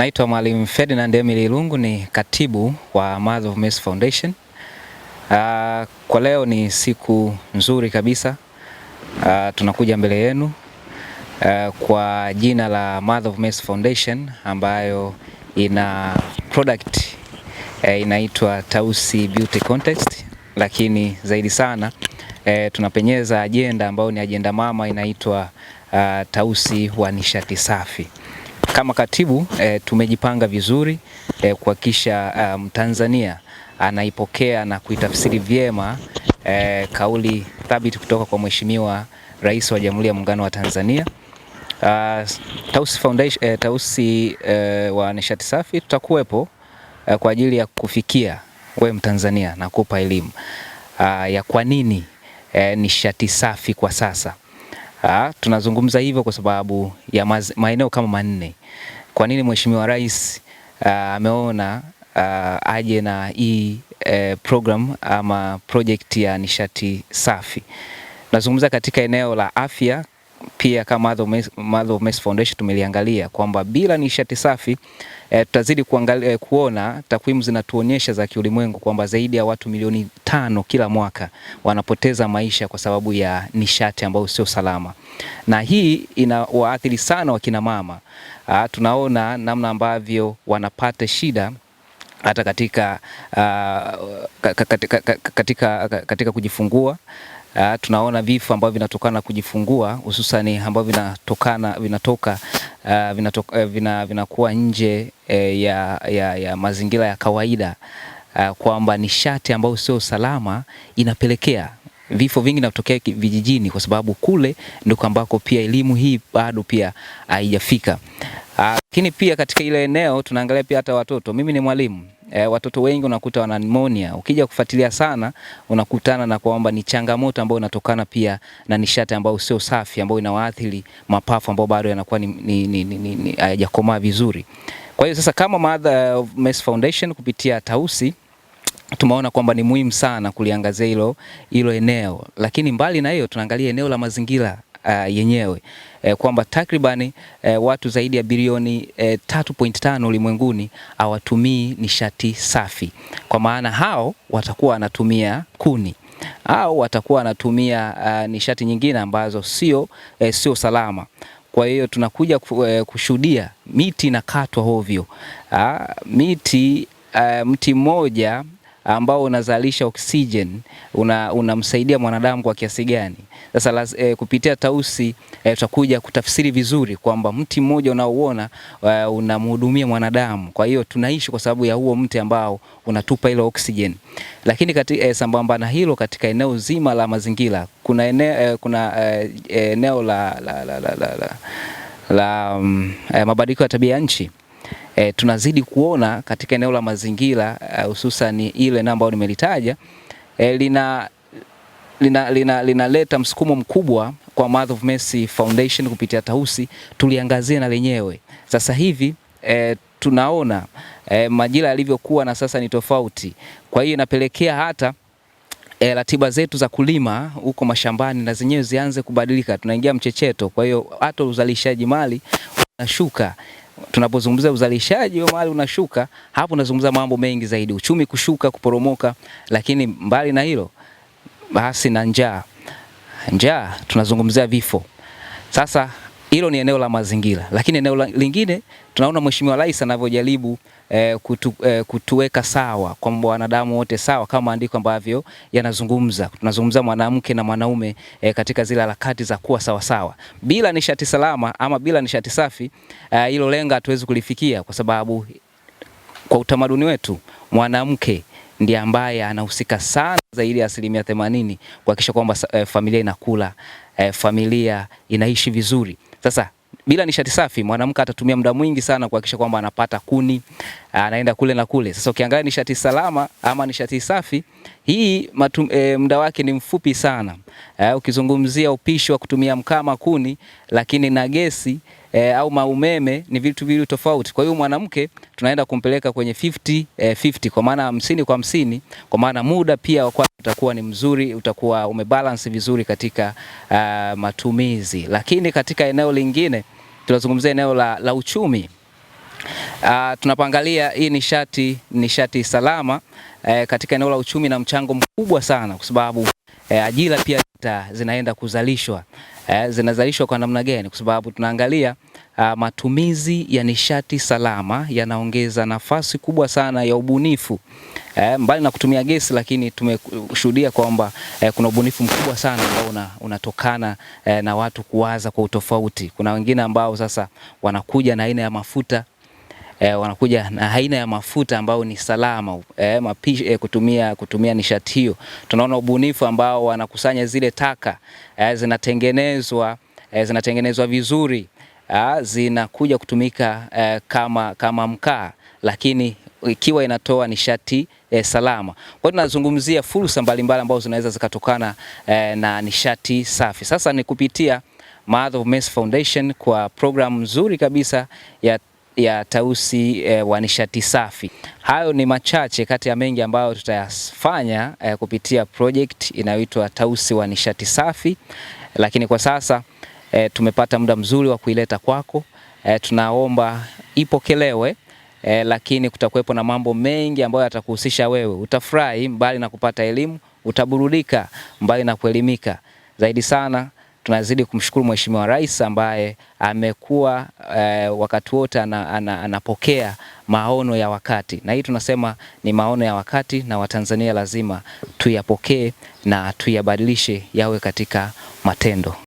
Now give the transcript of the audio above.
Naitwa Mwalimu Ferdinand Emily Lungu, ni katibu wa Mother of Mercy Foundation. Uh, kwa leo ni siku nzuri kabisa. Uh, tunakuja mbele yenu uh, kwa jina la Mother of Mercy Foundation ambayo ina product uh, inaitwa Tausi Beauty Contest, lakini zaidi sana uh, tunapenyeza ajenda ambayo ni ajenda mama inaitwa uh, Tausi wa nishati safi kama katibu e, tumejipanga vizuri eh, kuhakikisha eh, Mtanzania um, anaipokea na kuitafsiri vyema e, kauli thabiti kutoka kwa Mheshimiwa Rais wa Jamhuri ya Muungano wa Tanzania. Uh, Tausi Foundation, eh, Tausi eh, wa nishati safi tutakuwepo eh, kwa ajili ya kufikia we Mtanzania na kupa elimu uh, ya kwa nini eh, nishati safi kwa sasa Ha, tunazungumza hivyo kwa sababu ya maeneo kama manne. Kwa nini Mheshimiwa Rais ameona uh, aje na hii eh, program ama project ya nishati safi? Nazungumza katika eneo la afya pia kama Mother of Mercy Foundation tumeliangalia kwamba bila nishati safi e, tutazidi kuangalia, eh, kuona takwimu zinatuonyesha za kiulimwengu kwamba zaidi ya watu milioni tano kila mwaka wanapoteza maisha kwa sababu ya nishati ambayo sio salama, na hii inawaathiri sana wakina mama. A, ah, tunaona namna ambavyo wanapata shida hata katika, uh, katika, katika, katika, katika kujifungua Uh, tunaona vifo ambavyo vinatokana na kujifungua hususani ambavyo vinatokana vinatoka uh, vinatok, uh, vina, vinakuwa nje eh, ya, ya, ya mazingira ya kawaida uh, kwamba nishati ambayo sio salama inapelekea vifo vingi vinatokea vijijini, kwa sababu kule ndiko ambako pia elimu hii bado pia haijafika. Uh, lakini pia katika ile eneo tunaangalia pia hata watoto. Mimi ni mwalimu E, watoto wengi unakuta wana pneumonia. Ukija kufuatilia sana unakutana na kwamba ni changamoto ambayo inatokana pia na nishati ambayo sio safi ambayo inawaathiri mapafu ambayo bado yanakuwa ni hayajakomaa vizuri. Kwa hiyo sasa kama Mother Mercy Foundation kupitia Tausi tumeona kwamba ni muhimu sana kuliangazia hilo hilo eneo, lakini mbali na hiyo tunaangalia eneo la mazingira uh, yenyewe e, kwamba takribani e, watu zaidi ya bilioni e, eh, 3.5 ulimwenguni hawatumii nishati safi, kwa maana hao watakuwa wanatumia kuni au watakuwa wanatumia uh, nishati nyingine ambazo sio e, sio salama. Kwa hiyo tunakuja kushuhudia miti inakatwa hovyo. Ah, miti uh, mti mmoja ambao unazalisha oksijeni unamsaidia una mwanadamu kwa kiasi gani? Sasa e, kupitia Tausi e, tutakuja kutafsiri vizuri kwamba mti mmoja unaouona e, unamhudumia mwanadamu. Kwa hiyo tunaishi kwa sababu ya huo mti ambao unatupa ile oksijeni. Lakini kati, e, sambamba na hilo, katika eneo zima la mazingira kuna eneo, e, kuna, e, eneo la, la, la, la, la, la, la, la um, mm, e, mabadiliko ya tabia ya nchi e, tunazidi kuona katika eneo la mazingira eh, hususan uh, ile namba ambayo nimelitaja e, lina linaleta lina, lina msukumo mkubwa kwa Mother of Mercy Foundation kupitia Tausi tuliangazia na lenyewe sasa hivi e, tunaona e, majira yalivyokuwa na sasa ni tofauti. Kwa hiyo inapelekea hata e, ratiba zetu za kulima huko mashambani na zenyewe zianze kubadilika, tunaingia mchecheto. Kwa hiyo hata uzalishaji mali unashuka tunapozungumza uzalishaji wa mali unashuka, hapo unazungumza mambo mengi zaidi, uchumi kushuka, kuporomoka. Lakini mbali na hilo basi na njaa, njaa tunazungumzia vifo sasa hilo ni eneo la mazingira, lakini eneo la lingine tunaona Mheshimiwa Rais anavyojaribu eh, kutu, eh, kutuweka sawa kwamba wanadamu wote sawa kama maandiko ambavyo yanazungumza. Tunazungumza mwanamke na mwanaume eh, katika zile harakati za kuwa sawa sawa. Bila nishati salama ama bila nishati safi eh, hilo eh, hatuwezi kulifikia, kwa sababu kwa utamaduni wetu mwanamke ndiye ambaye anahusika sana zaidi ya asilimia themanini kuhakikisha kwamba eh, familia inakula eh, familia inaishi vizuri. Sasa bila nishati safi mwanamke atatumia muda mwingi sana kuhakikisha kwamba anapata kuni, anaenda kule na kule. Sasa ukiangalia nishati salama ama nishati safi hii matum, e, muda wake ni mfupi sana. E, ukizungumzia upishi wa kutumia mkama, kuni lakini na gesi e, au maumeme ni vitu viwili tofauti. Kwa hiyo mwanamke tunaenda kumpeleka kwenye 50 e, 50 kwa maana hamsini kwa hamsini, kwa maana muda pia wa kwake utakuwa ni mzuri, utakuwa umebalance vizuri katika uh, matumizi. Lakini katika eneo lingine tunazungumzia eneo la, la uchumi. Uh, tunapangalia hii nishati nishati salama eh, katika eneo la uchumi na mchango mkubwa sana kwa sababu e, ajira pia zinaenda kuzalishwa e, zinazalishwa kwa namna gani? Kwa sababu tunaangalia a, ah, matumizi ya nishati salama yanaongeza nafasi kubwa sana ya ubunifu e, mbali na kutumia gesi, lakini tumeshuhudia kwamba e, kuna ubunifu mkubwa sana ambao una, unatokana na watu kuwaza kwa utofauti. Kuna wengine ambao sasa wanakuja na aina ya mafuta eh, wanakuja na aina ya mafuta ambayo ni salama eh, mapishi, eh, kutumia, kutumia nishati hiyo. Tunaona ubunifu ambao wanakusanya zile taka eh, zinatengenezwa eh, zinatengenezwa vizuri eh, zinakuja kutumika eh, kama, kama mkaa lakini ikiwa inatoa nishati eh, salama. Kwa hiyo tunazungumzia fursa mbalimbali ambazo zinaweza zikatokana eh, na nishati safi. Sasa ni kupitia Mother of Mercy Foundation kwa programu nzuri kabisa ya ya Tausi e, wa nishati safi. Hayo ni machache kati ya mengi ambayo tutayafanya e, kupitia project inayoitwa Tausi wa nishati safi, lakini kwa sasa e, tumepata muda mzuri wa kuileta kwako. E, tunaomba ipokelewe. E, lakini kutakuwepo na mambo mengi ambayo yatakuhusisha wewe. Utafurahi mbali na kupata elimu, utaburudika mbali na kuelimika zaidi sana tunazidi kumshukuru Mheshimiwa Rais ambaye amekuwa e, wakati wote ana, ana, anapokea maono ya wakati, na hii tunasema ni maono ya wakati, na Watanzania lazima tuyapokee na tuyabadilishe yawe katika matendo.